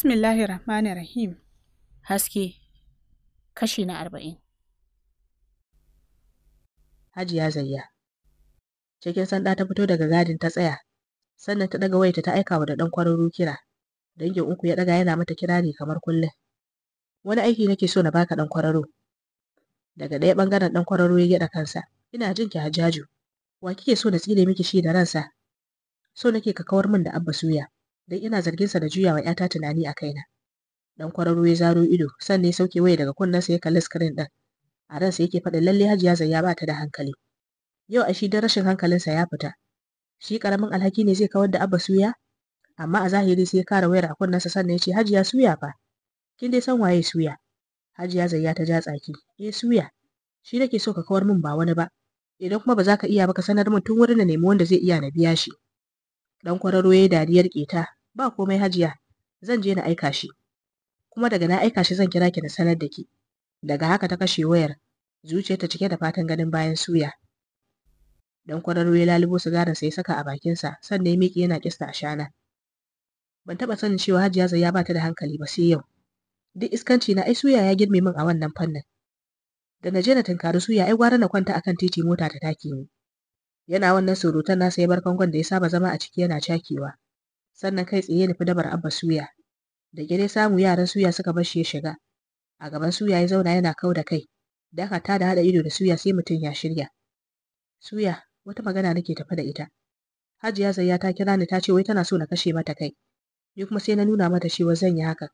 Bismillahir Rahmanir Rahim. Haske kashi na arba'in. Hajiya Zayya. Cikin sanda ta fito daga gadin ta tsaya, sannan ta daga wayarta ta aika wa da ɗan kwararru kira. Dangin uku ya daga yana mata kirari kamar kullum. Wani aiki nake so na baka ɗan kwararru. Daga ɗaya ɓangaren ɗan kwararru ya gyaɗa kansa. Ina jin ki Hajaju. Wa kike so na tsire miki shi da ransa? So nake ka kawar min da Abba Suya. don ina zargin sa da juya wa ‘yata tunani a kaina. Dan kwararo ya zaro ido, sannan ya sauke waye daga sa ya kalli screen ɗin. A ransa yake faɗin lalle Hajiya Zaiya ba ta da hankali. Yau a shi da rashin hankalin sa ya fita. Shi karamin alhaki ne zai kawar da Abba Suya? Amma a zahiri sai ya kara wayar a sa sannan ya ce Hajiya Suya fa. Kin dai san waye Suya? Hajiya Zayya ta ja tsaki. Eh Suya, shi nake so ka kawar min ba wani ba. Idan kuma ba za ka iya ba ka sanar min tun wurin da nemi wanda zai iya na biya shi. Dan kwararo ya dariyar keta ba komai hajiya zan je na aika shi kuma daga na aika shi zan kira ki na sanar da ki daga haka ta kashe wayar zuciyarta cike da fatan ganin bayan suya dan kwararo ya lalubo sigarin ya saka a bakin sa sannan ya miƙe yana kista a shana ban taɓa sanin cewa hajiya zai ba ta da hankali ba sai yau duk iskanci na ai suya ya girme min a wannan fannin da na je na tunkari suya ai gwara na kwanta akan titi mota ta take ni yana wannan surutan nasa ya bar kangon da ya saba zama a ciki yana cakewa sannan kai tsaye nufi dabar abba suya da ya samu yaran suya suka bar shi ya shiga a gaban suya ya zauna yana kau da kai da aka da hada ido da suya sai mutum ya shirya suya wata magana nake tafi da ita hajiya zayya ta kira ni ta ce wai tana so na kashe mata kai ni kuma sai na nuna mata cewa zan yi haka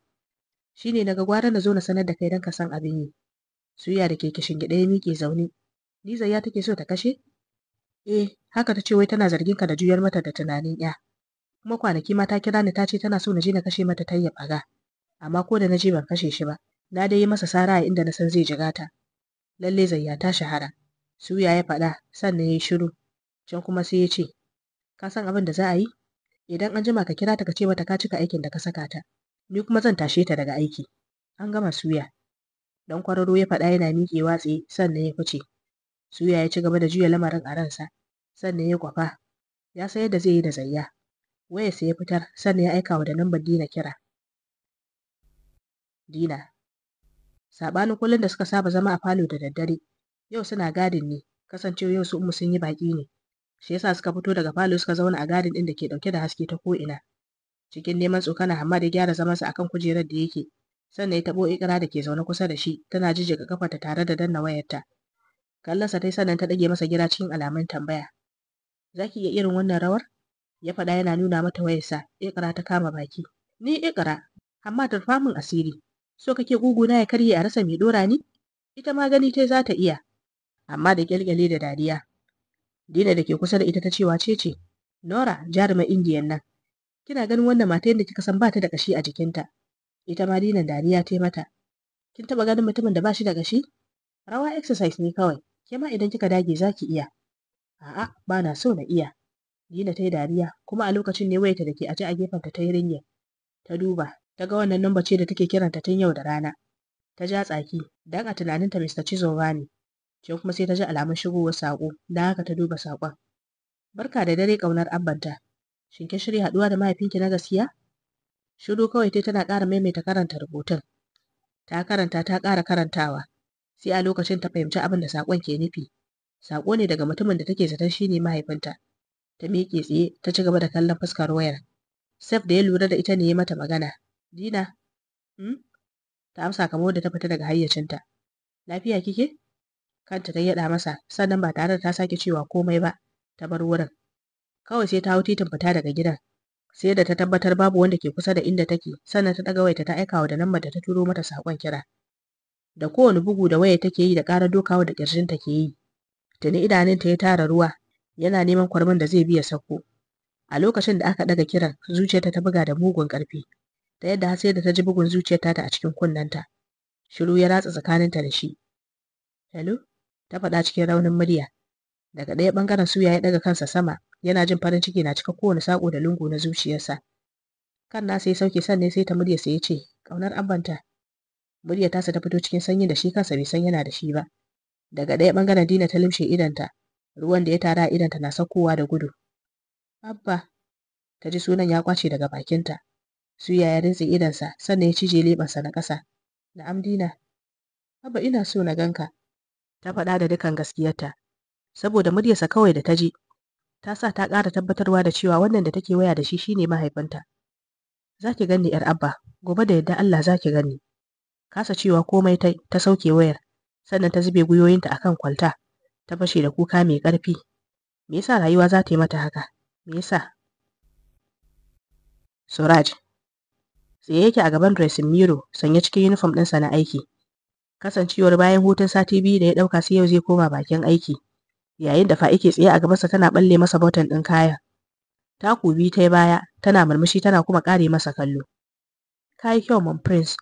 ne naga gwara na zo na sanar da kai don ka san abin yi suya da ke kishin gida ya miƙe zaune ni zayya take so ta kashe eh haka ta ce wai tana zargin ka da juyar mata da tunanin ya kuma kwanaki ma ta kira ni ta ce tana so na je na kashe mata tayyab amma ko da na je ban kashe shi ba na dai yi masa sara a inda na san zai jiga ta lalle zayya ta shahara suya ya faɗa sannan ya yi shiru can kuma sai ya ce ka san abin da za a yi idan an jima ka kira ta ka ce mata ka cika aikin da ka saka ta ni kuma zan tashe ta daga aiki an gama suya dan kwararo ya faɗa yana miƙewa tsaye sannan ya fice suya ya ci gaba da juya lamarin a ransa sannan ya kwafa ya sayar da zai yi da zayya wayarsa ya fitar sannan ya aika wa da lambar Dina kira. Dina saɓanin kullum da suka saba zama a falo da daddare yau suna gadin ne kasancewa yau su umu sun yi baƙi ne shi yasa suka fito daga falo suka zauna a gadin ɗin da ke ɗauke da haske ta ko'ina cikin neman tsokana Hamad ya gyara zamansa akan kujerar da yake sannan ya taɓo ikira da ke zaune kusa da shi tana jijjiga kafarta tare da danna wayarta kallonsa ta yi sannan ta ɗage masa gira cikin alamun tambaya za ki iya irin wannan rawar ya faɗa yana nuna mata wayarsa ikra ta kama baki ni ikra amma tarfa min asiri so kake na ya karye a rasa mai dora ni ita ma gani tai za ta iya amma da kyalkyale da dariya dina da ke kusa da ita ta cewa ce ce nora jarumin indiyan nan kina ganin wannan mata yadda kika san bata da kashi a jikinta ita ma dinan dariya tai mata kin taba ganin mutumin da bashi da kashi rawa exercise ne kawai ke ma idan kika dage zaki iya a'a bana so na iya Dina ta yi dariya, kuma a lokacin ne wayarta da ke aje a gefenta ta yi ringin. Ta duba, ta ga wannan namba ce da take kiranta tun yau da rana. Ta ja tsaki, dan a tunaninta Mr. Chizova ne. ke kuma sai ta ji alamun shigowar saƙo, dan haka ta duba saƙon. Barka da dare ƙaunar abbanta. Shin ke shirya haɗuwa da mahaifinki na gaskiya? Shiru kawai ta tana ƙara maimaita karanta rubutun. Ta karanta ta ƙara karantawa. Sai a lokacin ta fahimci abin da saƙon ke nufi. Saƙo ne daga mutumin da take zaton shi ne mahaifinta. ta miƙe tsaye ta ci gaba da kallon fuskar wayar. Sef da ya lura da ita ne ya mata magana. Dina, hmm? ta amsa kamar da ta fita daga hayyacinta. Lafiya kike? Kanta ta yaɗa masa, sannan ba tare da ta sake cewa komai ba, ta bar wurin. Kawai sai ta hau titin fita daga gidan. Sai da ta tabbatar babu wanda ke kusa da inda take, sannan ta ɗaga wayarta ta aika wa da lambar da ta turo mata saƙon kira. Da kowane bugu da waya take yi da ƙara dokawa da ƙirjinta ke yi. Tuni idanunta ya tara ruwa, yana neman kwarmin da zai biya sako a lokacin da aka daga kiran zuciyarta ta buga da mugun ƙarfi. ta yadda har sai da ta ji bugun zuciyarta ta a cikin kunnenta. shiru ya ratsa tsakaninta da shi hello ta faɗa cikin raunin murya daga ɗaya ɓangaren suya ya ɗaga kansa sama yana jin farin ciki na cika kowane saƙo da lungu na zuciyarsa kan nasa ya sauke sannan sai ta murya sai ya ce ƙaunar abbanta murya tasa ta fito cikin sanyi da shi kansa bai san yana da shi ba daga ɗaya ɓangaren dina ta limshe idanta ruwan da ya tara a idonta na sakowa da gudu. Abba, ta ji sunan ya kwace daga bakinta. su ya rintse idonsa sannan ya cije leɓensa na ƙasa. na'amdina Abba ina so na ganka, ta faɗa da dukan gaskiyarta, saboda muryarsa kawai da ta ji, ta sa ta ƙara tabbatarwa da cewa wannan da take waya da shi shine mahaifinta. Za ki gani ‘yar Abba, gobe da yadda Allah za ki gani. Kasa cewa komai ta, sauke wayar, sannan ta zube gwiwoyinta kan kwalta. ta fashe da kuka mai ƙarfi me yasa rayuwa za ta yi mata haka me yasa suraj tsaye yake a gaban dressing miro sanye cikin uniform ɗinsa na aiki kasancewar bayan hutun sati biyu da ya ɗauka sai yau zai koma bakin aiki yayin da fa'ike tsaye a gabansa tana ɓalle masa button ɗin kayan taku biyu ta baya tana murmushi tana kuma ƙare masa kallo yi kyau mon prince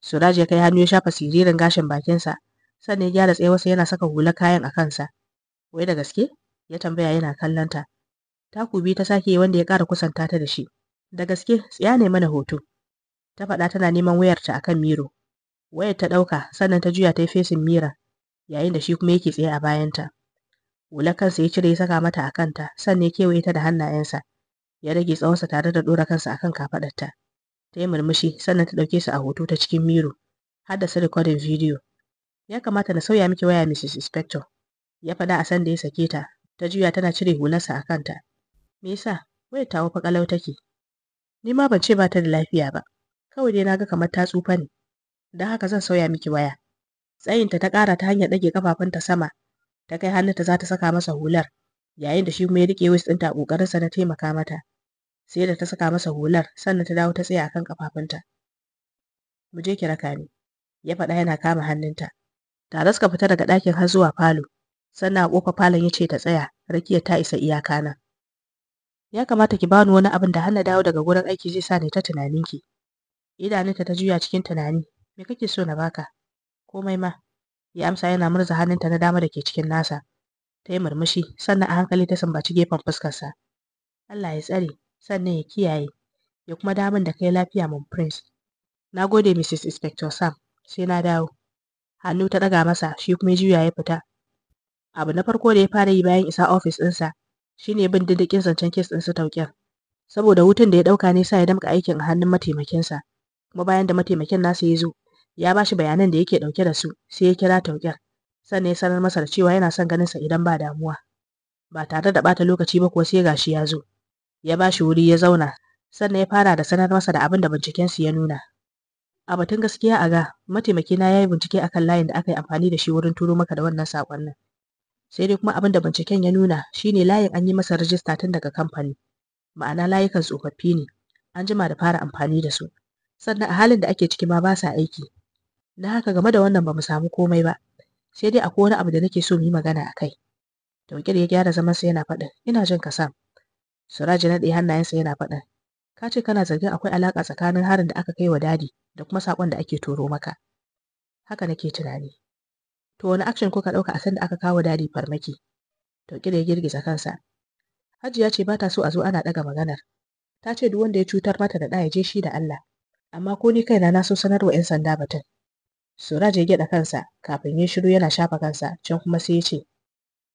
suraj ya kai hannu ya shafa siririn gashin bakinsa sannan ya gyara tsayawarsa yana saka hula kayan a kansa wai da gaske ya tambaya yana kallon ta ta sake wanda ya ƙara kusanta ta da shi da gaske tsaya ne mana hoto ta faɗa tana neman wayarta a kan miro wayar ta ɗauka sannan ta juya ta yi fesin mira yayin da shi kuma yake tsaye a bayanta Hula kansa ya cire ya saka mata a kanta sannan ya kewaye ta da hannayensa ya rage tsawonsa tare da ɗora kansa akan kafaɗarta ta yi murmushi sannan ta ɗauke su a hoto ta cikin miro har da su rikodin bidiyo Ya kamata na sauya miki waya Mrs. Inspector. Ya faɗa a sanda ya sake ta, ta juya tana cire hularsa a kanta. Me yasa? Wayar ta fa kalau take. Ni ma ban ce ba ta da lafiya ba. Kawai dai naga kamar ta tsufa ne. Dan haka zan sauya miki waya. Tsayinta ta ƙara ta hanyar ɗage kafafunta sama. Ta kai hannunta za ta saka masa hular. Yayin da shi kuma ya riƙe waist ɗinta a ƙoƙarinsa na taimaka mata. Sai da ta saka masa hular sannan ta dawo ta tsaya akan kafafunta. Mu je ki raka ni. Ya faɗa yana kama hannunta. tare suka fita daga ɗakin har zuwa falo sannan a ƙofar falon ya ce ta tsaya rakiya ta isa iyaka na ya kamata ki bani wani abin da hana dawo daga gurin aiki zai sa ni ta tunaninki idanunta ta juya cikin tunani me kake so na baka komai ma ya amsa yana murza hannunta na dama da ke cikin nasa ta yi murmushi sannan a hankali ta sambaci gefen fuskarsa Allah ya tsare sannan ya kiyaye ya kuma damun da kai lafiya mun prince na gode mrs inspector sam sai na dawo hannu ta ɗaga masa shi kuma juya ya fita abu na farko da ya fara yi bayan isa ofis ɗinsa shine bin diddikin zancen kes ɗin su tauƙen saboda hutun da ya ɗauka ne sa ya damƙa aikin a hannun mataimakinsa kuma bayan da mataimakin nasa ya zo ya ba shi bayanan da yake ɗauke da su sai ya kira tauƙen sannan ya sanar masa da cewa yana son ganin sa idan ba damuwa ba tare da ɓata lokaci ba kuwa sai gashi ya zo ya ba shi wuri ya zauna sannan ya fara da sanar masa da abin da bincikensu ya nuna a batun gaskiya a ga mataimaki na yayi bincike akan layin da aka yi amfani da shi wurin turo maka da wannan nan sai dai kuma abin da binciken ya nuna shine layin an yi masa rajista tun daga kamfani ma'ana layukan tsofaffi ne an jima da fara amfani da su sannan a halin da ake ciki ma ba sa aiki na haka game da wannan ba mu samu komai ba sai dai akwai wani abu da nake so mu yi magana a kai Taukir ya gyara zaman sa yana faɗin ina jin ka sam Suraji naɗe hannayensa yana faɗin Ka ce kana zargin akwai alaƙa tsakanin harin da aka kai wa dadi da kuma saƙon da ake turo maka. Haka nake tunani. To wani action kuka ɗauka a sanda aka kawo dadi farmaki? Toƙira ya girgiza kansa. Hajiya ce ba ta so a zo ana ɗaga maganar. Ta ce duk wanda ya cutar mata da ɗa ya je shi da Allah. Amma ko ni kaina na so sanarwa 'yan sanda batun. Suraj ya gyaɗa kansa kafin ya shiru yana shafa kansa can kuma sai ya ce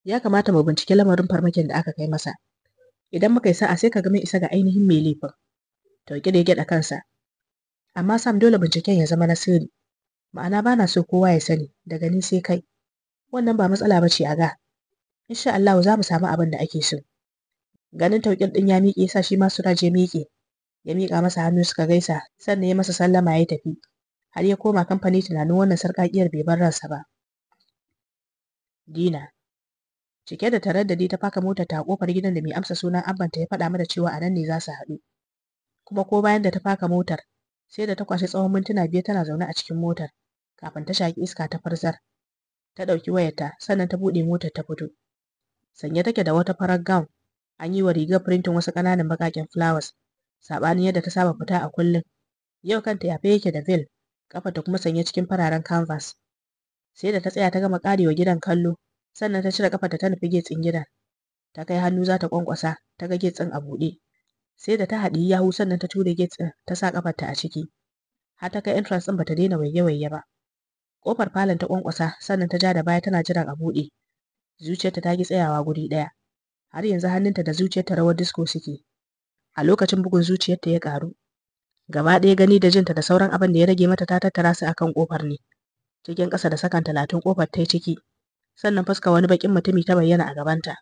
ya kamata mu binciki lamarin farmakin da aka kai masa. Idan muka yi sa'a sai ka ga mun isa ga ainihin mai laifin. tauke da ya gyaɗa kansa. Amma Sam dole binciken ya zama na sirri. Ma'ana ba na so kowa ya sani daga ni sai kai. Wannan ba matsala ba ce a ga. Insha Allah za mu samu abin da ake so. Ganin tauƙin ɗin ya miƙe sa shi ma Suraj ya miƙe. Ya miƙa masa hannu suka gaisa sannan ya masa sallama ya tafi. Har ya koma kamfani tunanin wannan sarƙaƙiyar bai bar ransa ba. Dina. Cike da taraddadi ta faka motar ta kofar gidan da mai amsa sunan abbanta ya faɗa mata cewa a nan ne za su haɗu. kuma ko bayan da ta faka motar sai da ta kwashe tsawon mintuna biyu tana zaune a cikin motar kafin ta shaki iska ta farzar ta ɗauki wayarta sannan ta buɗe motar ta fito sanye take da wata farar gown an yi wa rigar firintin wasu ƙananan baƙaƙen flowers saɓanin yadda ta saba fita a kullum yau kanta yafe yake da veil ƙafa ta kuma sanye cikin fararen canvas sai da ta tsaya ta gama karewa gidan kallo sannan ta cire kafarta ta nufi getsin gidan ta kai hannu za ta kwankwasa ta ga getsin a buɗe sai da ta haɗi yahu sannan ta ture gate ɗin ta sa ta a ciki har ta kai entrance ɗin bata daina waye-waye ba ƙofar falon ta kwankwasa, sannan ta ja da baya tana jiran a buɗe zuciyarta ta ki tsayawa guri ɗaya har yanzu hannunta da zuciyarta rawar disko suke a lokacin bugun zuciyarta ya ƙaru gaba ɗaya gani da jinta da sauran abin da ya rage mata ta tattara su akan kofar ne cikin ƙasa da sakan talatin ƙofar ta yi ciki sannan fuska wani baƙin mutumi ta bayyana a gabanta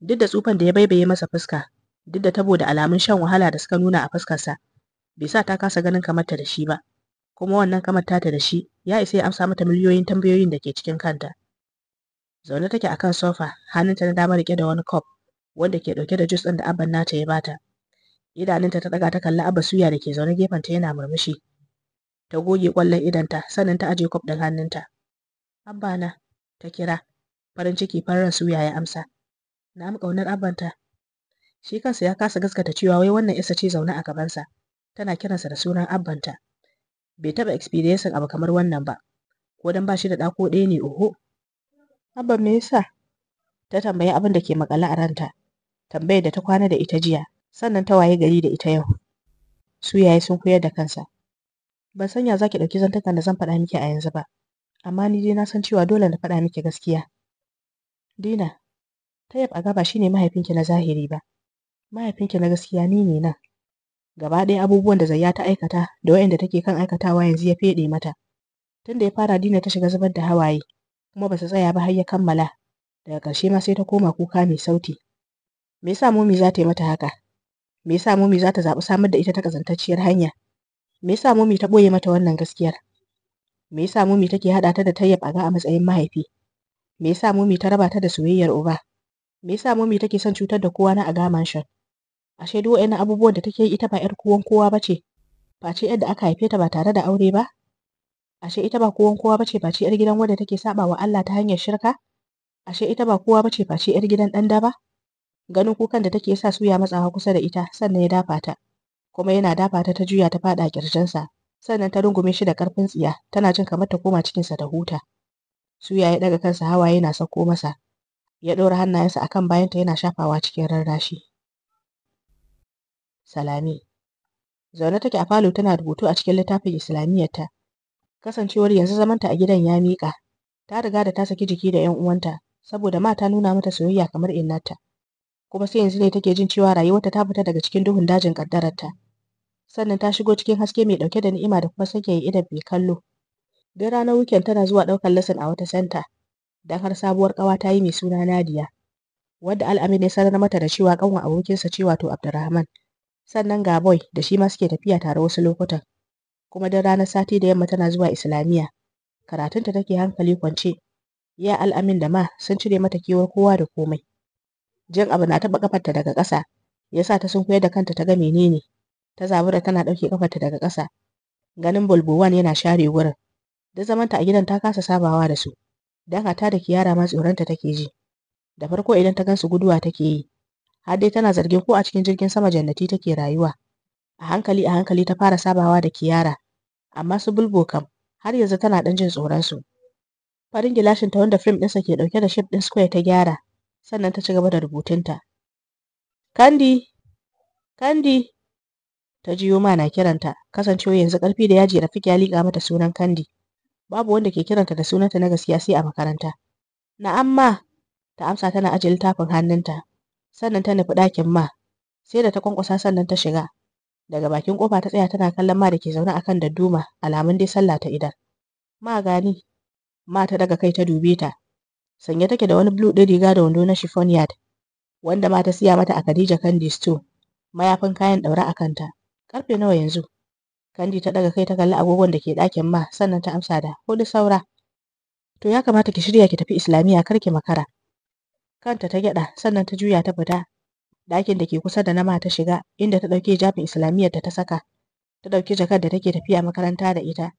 duk da tsufan da ya baibaye masa fuska duk da tabo da alamun shan wahala da suka nuna a fuskarsa bai sa ta kasa ganin kamarta da shi ba kuma wannan kamar tata da shi ya isa ya amsa mata miliyoyin tambayoyin da ke cikin kanta zaune take akan sofa hannunta na dama rike da wani cup wanda ke dauke da juice din da abban nata ya bata idanunta ta daga ta kalli abba suya da ke zaune gefenta yana murmushi ta goge kwallon idanta sannan ta aje cup din hannunta abba na ta kira farin ciki farin suya ya amsa na mu kaunar abbanta Shi kansa ya kasa gaskata cewa wai wannan isa ce zaune a gabansa, tana kiransa da sunan abbanta. Bai taɓa experiensin abu kamar wannan ba, ko dan ba shi da dako ɗaya ne oho. Abba me yasa? Ta tambayi abin da ke makale a ranta, tambayar da ta kwana da ita jiya, sannan ta waye gari da ita yau. Su yaye sun koyar da kansa. Ban sanya za ki ɗauki zantakan da zan faɗa miki a yanzu ba, amma ni dai na san cewa dole na faɗa miki gaskiya. Dina, Tayab a gaba shine mahaifinki na zahiri ba, mahaifinki na gaskiya ni ne nan. Gaba ɗaya abubuwan da Zayya ta aikata da waɗanda take kan aikatawa yanzu ya feɗe mata. Tun da ya fara Dina ta shiga zubar da hawaye, kuma ba su tsaya ba har ya kammala. Daga ƙarshe ma sai ta koma kuka mai sauti. Me yasa Momi za ta yi mata haka? Me yasa Momi za ta zaɓi samar da ita ta ƙazantacciyar hanya? Me yasa Momi ta ɓoye mata wannan gaskiyar? Me yasa Momi take haɗa ta da Tayyab a ga a matsayin mahaifi? Me yasa Momi ta raba ta da soyayyar uba? Me yasa Momi take son cutar da kowa na a gaman ashe duk wa'annan abubuwan da take yi ita ba 'yar kowan kowa ba ce ce yadda aka haife ta ba tare da aure ba ashe ita ba kowan kowa bace ce yar gidan wanda take saba wa Allah ta hanyar shirka ashe ita ba kowa bace ce yar gidan dan ba ganin kukan da take sa suya matsawa kusa da ita sannan ya dafa ta kuma yana dafa ta ta juya ta fada kirjinsa sannan ta rungume shi da karfin tsiya tana jin kamar ta koma cikinsa da huta suya ya daga kansa hawaye na sauko masa ya ɗora hannayensa akan bayanta yana shafawa cikin rarrashi Salami. Zaune take a falo tana rubutu a cikin littafin Islamiyyarta. Kasancewar yanzu zamanta a gidan ya miƙa. Ta riga da ta saki jiki da 'yan uwanta saboda ma ta nuna mata soyayya kamar innata. Kuma sai yanzu ne take jin cewa rayuwarta ta fita daga cikin duhun dajin kaddararta. Sannan ta shigo cikin haske mai dauke da ni'ima da kuma sake idan mai kallo. Duk ranar weekend tana zuwa ɗaukar lesson a wata senta. Dan har sabuwar ƙawa ta yi mai suna Nadia. Wadda Al'amin ya sanar mata da cewa kanwa abokinsa ce wato Abdurrahman. sannan ga boy da shi ma suke tafiya tare wasu lokutan kuma da ranar sati da yamma tana zuwa islamiyya karatunta take hankali kwance ya al'amin da ma sun cire mata kewar kowa da komai Jan abu na taɓa ƙafarta daga ƙasa yasa ta sunkuyar da kanta ta ga menene ta zabura tana ɗauke kafarta daga ƙasa ganin bulbuwan yana share wurin da zamanta a gidan ta kasa sabawa da su don hata da kiyara ma tsoronta take ji da farko idan ta gansu guduwa take yi har dai tana zargin ko a cikin jirgin sama jannati take rayuwa a hankali a hankali ta fara sabawa da kiyara amma su bulbo kam har yanzu tana dan jin tsoron su farin gilashin ta wanda film ɗinsa ke ɗauke da ship ɗin square ta gyara sannan ta ci gaba da rubutunta kandi kandi ta jiyo ma na kiranta kasancewa yanzu karfi da yaji rafik ya liƙa mata sunan kandi babu wanda ke kiranta da sunanta na gaskiya sai a makaranta na'amma ta amsa tana ajiye littafin hannunta sannan ta nufi ɗakin ma sai da ta kwankwasa sannan ta shiga daga bakin kofa ta tsaya tana kallon ma da ke zaune akan duma alamun dai sallah ta idan ma gani ma ta daga kai ta dube ta sanye take da wani blue ɗin riga da wando na chiffon yard wanda ma ta siya mata a Khadija Kandi store mayafin kayan ɗaure a kanta karfe nawa yanzu Kandi ta daga kai ta kalli agogon da ke ɗakin ma sannan ta amsa da hudu saura to ya kamata ki shirya ki tafi islamiyya kar ki makara kanta ta gyada sannan ta juya ta fita ɗakin da ke kusa da nama ta shiga inda ta ɗauki jafin islamiyyar da ta saka ta ɗauki jakar da take tafiya makaranta da ita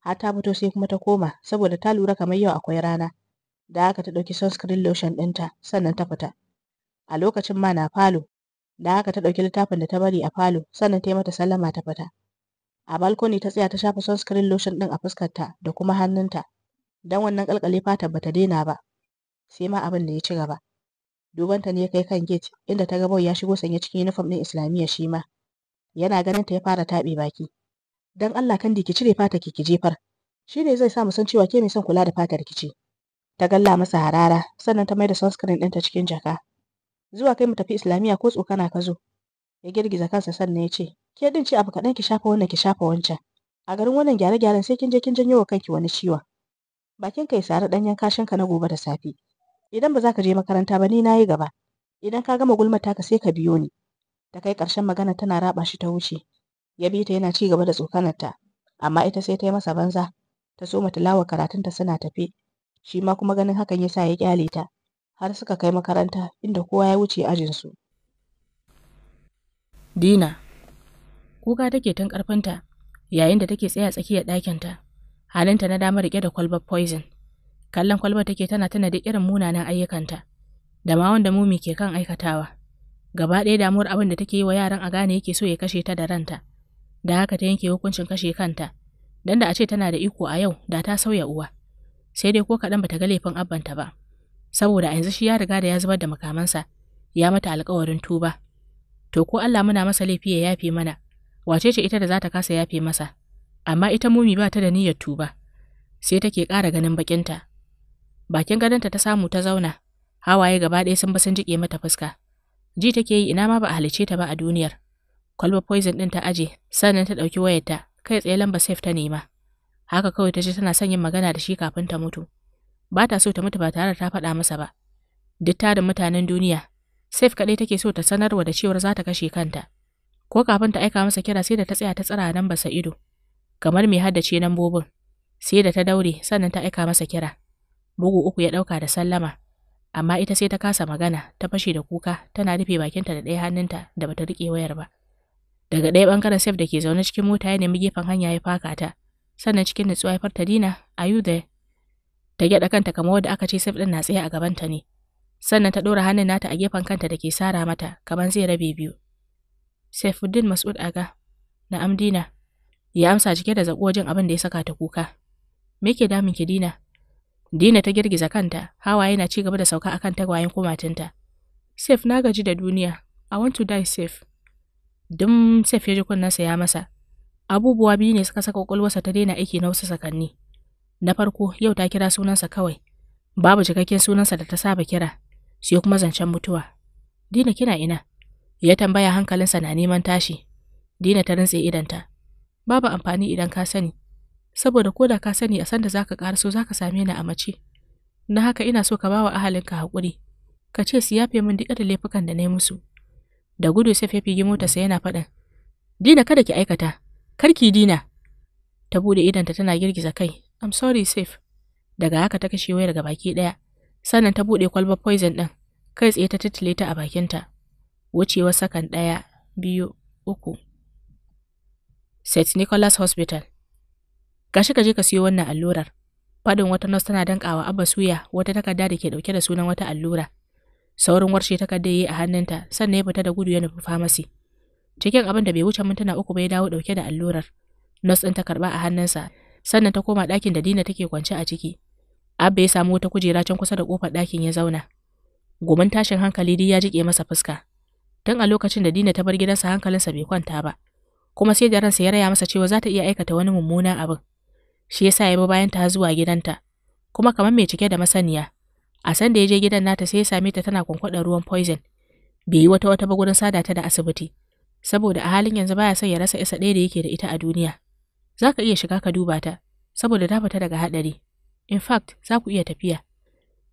har ta fito sai kuma ta koma saboda ta lura kamar yau akwai rana da haka ta ɗauki sunscreen lotion ɗinta sannan ta fita a lokacin ma na falo da haka ta ɗauki littafin da ta bari a falo sannan ta yi mata sallama ta fita a balkoni ta tsaya ta shafa sunscreen lotion ɗin a fuskarta da kuma hannunta don wannan ƙalƙale fatar bata daina ba sai ma abin da ya ci gaba dubanta ne ya kai kan gate inda ta gabau ya shigo sanye cikin uniform din islamiyya shi ma yana ganin ta ya fara taɓe baki dan Allah kan ki cire fata ki jefar shi ne zai sa mu san cewa ke mai son kula da fatar ki ta galla masa harara sannan ta mai da sunscreen ɗinta cikin jaka zuwa kai mu tafi islamiyya ko tsokana ka zo ya girgiza kansa sannan ya ce ke din ce abu kaɗan ki shafa wannan ki shafa wancan a garin wannan gyare-gyaren sai kin je kin janyo wa kanki wani ciwon bakin kai sare ɗanyen ka na gobe da safe idan ba za ka je makaranta ba ni na yi gaba idan ka gama gulma ka, sai ka biyo ni ta kai ƙarshen magana tana raba shi ta wuce ya bi ta yana ci gaba da tsokanarta amma ita sai ta yi masa banza ta so lawa karatunta suna tafe shi ma kuma ganin hakan ya sa ya kyale ta har suka kai makaranta inda kowa ya wuce ajin su. Dina kuka take tun ƙarfinta yayin da take tsaya a tsakiyar ɗakinta, halinta na damar rike da kwalbar poison. kallon kwalbar take tana tana da irin munanan ayyukanta da ma wanda mumi ke kan aikatawa gaba ɗaya damuwar abin da take yi wa yaran a gane yake so ya kashe ta da ranta da haka ta yanke hukuncin kashe kanta dan da a ce tana da iko a yau da ta sauya uwa sai dai ko kaɗan bata ga laifin abbanta ba saboda a yanzu shi ya riga da ya zubar da makamansa ya mata alkawarin tuba to ko Allah muna masa laifi ya yafe mana wace ce ita da za ta kasa yafe masa amma ita mumi ba ta da niyyar tuba sai take ƙara ganin bakinta Bakin gadonta ta samu ta zauna, hawaye gaba ɗaya sun ba sun jike mata fuska. Ji take yi ina ma ba a halice ta ba a duniyar. Kwalba poison ɗin ta aje, sannan ta ɗauki wayarta, kai tsaye lamba safe ta nema. Haka kawai ta ji tana son yin magana da shi kafin ta mutu. Ba ta so ta mutu ba tare da ta faɗa masa ba. Duk tarin mutanen duniya, safe kaɗai take so ta sanarwa da cewar za ta kashe kanta. Ko kafin ta aika masa kira sai da ta tsaya ta tsara nan basa ido. Kamar mai haddace lambobin, sai da ta daure sannan ta aika masa kira. bugu uku ya ɗauka da sallama, amma ita sai ta kasa magana, ta fashe da kuka, tana rufe bakinta da ɗaya hannunta da bata riƙe wayar ba. Daga ɗaya ɓangaren sef da ke zaune cikin mota ya nemi gefen hanya ya faka ta, sannan cikin nutsuwa ya farta Dina, are you there? Ta gyaɗa kanta kamar wadda aka ce sef ɗin na tsaye a gabanta ne. Sannan ta ɗora hannun nata a gefen kanta da ke sara mata, kamar zai rabe biyu. Saifuddin Mas'ud Aga, na'am Dina, ya amsa cike da zaƙo jin abin da ya saka ta kuka. Me ke damun ki Dina? Dina ta girgiza kanta, hawaye na ci gaba da sauka akan tagwayen kumatinta. Safe na gaji da duniya, I want to die safe. Dum Safe ya ji kunnansa ya masa. Abubuwa biyu ne suka saka kwakwalwarsa ta daina aiki na wasu sakanni. Na farko, yau ta kira sunansa kawai. Babu cikakken sunansa da ta saba kira, sai kuma zancen mutuwa. Dina kina ina? Ya tambaya hankalinsa na neman tashi. Dina ta rintse idanta. Babu amfani idan ka sani. saboda ko da ka sani a sanda za zaka karaso zaka same ni a mace na haka ina so ka bawa ahalinka haƙuri ka ce su yafe min duk da laifukan da na yi musu da gudu sai ya fige motarsa yana faɗan dina kada ki aikata kar ki dina ta bude idanta tana girgiza kai i'm sorry safe daga haka ta kashe wayar ga baki ɗaya sannan ta bude kwalbar poison ɗin kai tsaye ta tattale ta a bakinta wucewa sakan ɗaya biyu uku St. Nicholas Hospital Gashi ka je ka siyo wannan allurar. Fadin wata nurse tana dankawa Abba suya wata takarda da ke dauke da sunan wata allura. Saurin warshe takarda yi a hannunta sannan ya fita da gudu ya nufi famasi. Cikin abin da bai wuce mintuna uku ba dawo dauke da allurar. Nurse ɗin ta karba a hannunsa sannan ta koma ɗakin da Dina take kwance a ciki. Abba ya samu wata kujera can kusa da kofar ɗakin ya zauna. Gumin tashin hankali dai ya jike masa fuska. Tun a lokacin da Dina ta bar gidansa hankalinsa bai kwanta ba, kuma sai da ransa ya raya masa cewa za ta iya aikata wani mummunan abin. shi yasa ya bi bayan ta zuwa gidanta, kuma kamar mai cike da masaniya. A san da ya je gidan nata sai ya same ta tana kwankwadar ruwan poison. Bai yi wata wata ba gurin sada ta da asibiti, saboda a halin yanzu baya son ya rasa isa ɗaya da yake da ita a duniya. Za ka iya shiga ka duba ta, saboda ta fita daga haɗari. In fact, za ku iya tafiya.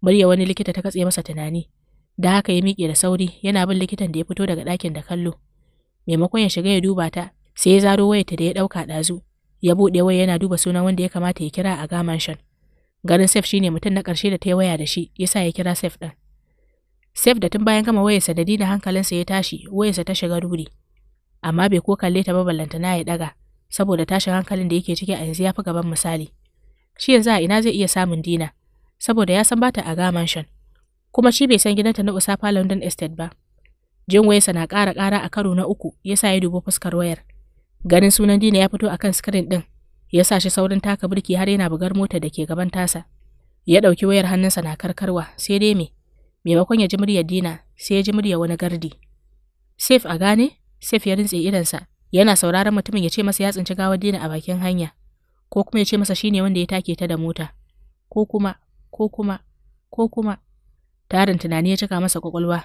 Murya wani likita ta katse masa tunani, da haka ya miƙe da sauri yana bin likitan da ya fito daga ɗakin da kallo. Maimakon ya shiga ya duba ta, sai ya zaro wayarta da ya ɗauka ɗazu, ya buɗe waya yana duba sunan wanda ya kamata ya kira a gaman shan. Ganin safe shine mutum na ƙarshe da ta yi waya da shi, ya sa ya kira sef ɗin. sef da tun bayan gama wayarsa da dina hankalinsa ya tashi, wayarsa ta shiga ruri. Amma bai ko kalle ta ba ballantana ya ɗaga, saboda tashin hankalin da yake ciki a yanzu ya fi gaban misali. Shi yanzu a ina zai iya samun dina, saboda ya san bata a gaman shan. Kuma shi bai san gidanta na Usafa don Estate ba. Jin wayarsa na ƙara ƙara a karo na uku, yasa ya dubo fuskar wayar. Ganin sunan Dina ya fito kan sikirin ɗin, ya sa shi saurin taka birki har yana bugar mota da ke gaban tasa. Ya ɗauki wayar hannunsa na karkarwa, sai dai me, maimakon ya ji muryar Dina, sai ya ji muryar wani gardi. sef a gane, sef ya rintse idansa, yana sauraron mutumin ya ce masa ya tsinci gawar Dina a bakin hanya, ko kuma ya ce masa shine wanda ya take ta da mota, ko kuma, ko kuma, ko kuma. Tarin tunani ya cika masa kwakwalwa,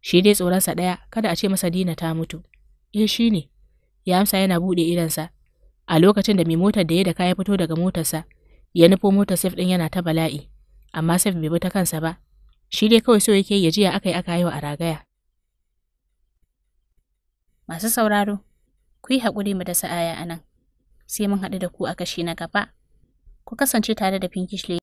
shi dai tsoronsa ɗaya kada a ce masa Dina ta mutu. Eh shine ya amsa yana buɗe idonsa. A lokacin da mai motar da ya daka ya fito daga motarsa, ya nufo motar sef ɗin yana ta bala'i, amma sef bai bi ta kansa ba. Shi dai kawai so yake ya jiya aka yi aka haihu a ragaya. Masu sauraro, ku yi haƙuri mu da sa'aya a nan, sai mun haɗu da ku a kashi na gaba. Ku kasance tare da Pinkish